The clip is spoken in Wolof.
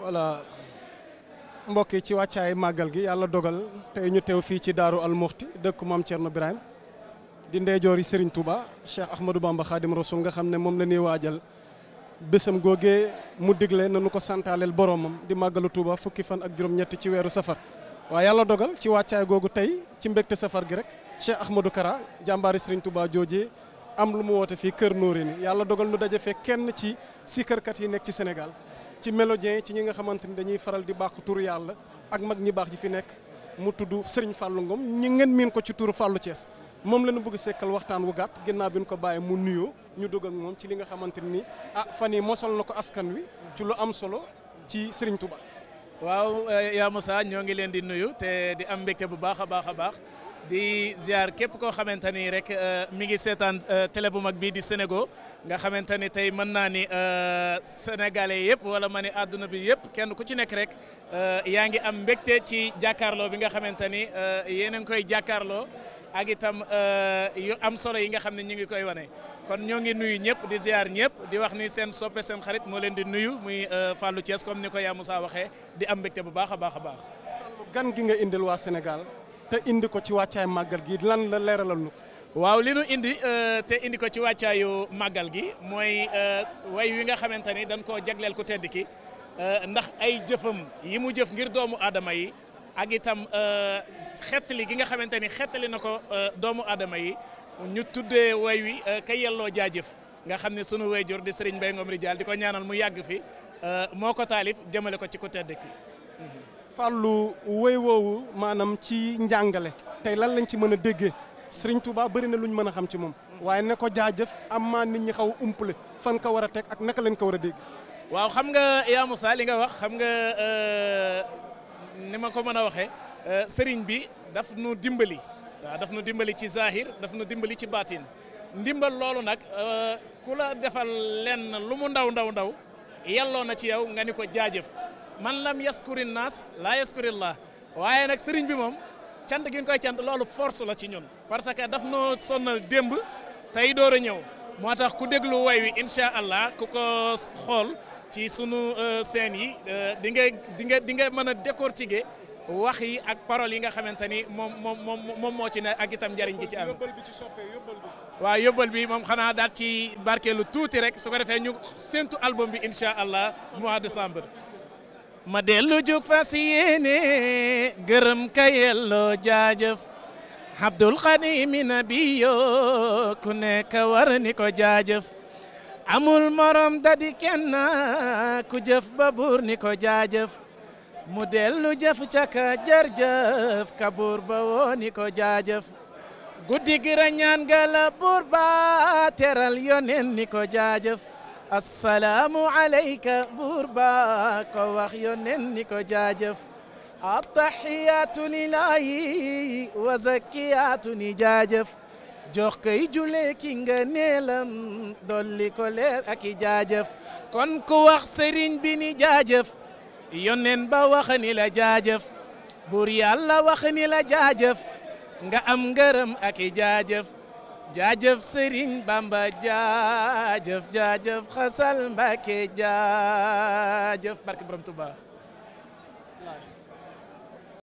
voilà mbokk yi ci wàccaay màggal gi yàlla dogal tey ñu teew fii ci daaru almuxti dëkk maam na Birahim di ndeyjoori Serigne Touba Cheikh Ahmadou Bamba Khadim Rasoul nga xam ne moom la ñuy waajal bésam googee mu digle na nu ko santaaleel boromam di màggalu Touba fukki fan ak juróom-ñetti ci weeru safar waaye yàlla dogal ci wàccaay googu tey ci mbégte safar gi rek Cheikh Ahmadou Kara jàmbaari Serigne Touba joojee am lu mu woote fii Kër Nourine yàlla dogal nu daje fee kenn ci si kërkat yi nekk ci Sénégal. ci melo mélodien ci ñi nga xamante ni dañuy faral di bàkku turu yàlla ak mag ñi baax ji fi nekk mu tudd Serigne fàllu ngoom ñi ngeen miin ko ci turu Fallou Thiès moom la ñu bëgg sekkal waxtaan wu gàtt ginnaaw bi ñu ko bàyyi mu nuyoo ñu dugg ak moom ci li nga xamante ni ah fan yi mosal na ko askan wi ci lu am solo ci Serigne Touba. waaw eh, yaa Moussa ñoo ngi leen di nuyu te di am mbégte bu baax a baax a baax. di ziar képp koo xamante ni rek euh, mi ngi seetaan euh, télé bu mag bii di Sénégo nga xamante ni tey mën naa ni euh, sénégalais yëpp wala ma ni àdduna bi yëpp kenn ku ci nekk rek yaa ngi am mbégte ci jàkkaarloo bi nga xamante ni yéen a ngi koy jàkkaarloo ak itam yu am solo yi nga xam ne ñu ngi koy wane. kon ñoo ngi nuyu ñëpp di ziar ñëpp di wax ni seen soppe seen xarit moo leen di nuyu muy Fallou Thiès comme ni koy yaa Moussa waxee di am mbégte bu baax a baax a baax. gan gi nga indil waa Sénégal. te indi ko ci wàccaay màggal gi lan la leeralal waaw li nu indi euh, te indi ko ci wàccaayu màggal gi mooy euh, way wi nga xamante ni dañ koo jagleel ku tedd ki euh, ndax ay jëfam yi mu jëf ngir doomu aadama yi. ak itam xettali gi nga xamante ni xettali na ko doomu aadama yi ñu tudde way wi kay yelloo jaajëf nga xam ne sunu wayjur di Serigne Mbaye Ngom Ridial di ko ñaanal mu yàgg fi moo ko taalif jëmale ko ci ku tedd ki fàllu woy woowu maanaam ci njàngale tey lan lañ ci mën a déggee Serigne Touba bëri na luñ mën a xam ci moom waaye ne ko jaajëf am maa nit ñi xaw a fan ko war a teg ak naka lañ ko war a dégg waaw xam nga yaa Moussa li nga wax xam nga euh, ni ma ko mën a waxee euh, sëriñ bi daf nu dimbali waaw daf nu dimbali ci zahir daf nu dimbali ci baatin ndimbal loolu nag euh, ku la defal lenn lu mu ndaw ndaw ndaw yelloo na ci yow nga ni ko jaajëf man lam yaskuri naas laa yaskuri llah waaye nag sëriñ bi moom cant gi nga koy cant loolu force la ci ñun parce que daf noo sonnal démb tey door a ñëw moo tax ku déglu way wi incha allah ku ko xool ci sunu euh, seen yi euh, di nga di nga di nga mën a décortiquer wax yi ak paroles yi nga xamante ni moom moom moom moo ci ne ak itam njëriñ gi ci am waaw yóbbal bi moom xanaa daal ci barkeelu tuuti rek su ko defee ñu séntu album bi incha allah mois de décembre ma dellu jug fas yéene gërëm ka yelloo jaajëf Abdul Xadimi nabiyo ku nekk war ni ko jaajëf amul morom dadi kenn ku jëf ba buur ni ko jaajëf mu dellu jëf ca ka jërjëf ka buur ba woo ni ko jaajëf guddi gi rañaan ga la buur ba teral yonen ni ko jaajëf assalaamu alayka buur ba ko wax yonen ni ko jaajëf attaxiyaatu lillaahi wa zakkiyaatu ni jaajëf jox kay jule ki nga neelam dolli ko leer ak i jaajëf kon ku wax sëriñ bi ni jaajëf yonen ba wax ni jaajëf buur yàlla wax ni jaajëf nga am ngërëm ak i jaajëf jaajëf Serigne Bamba jaajëf jaajëf xasal Mbàkke jaajëf barke Borom Touba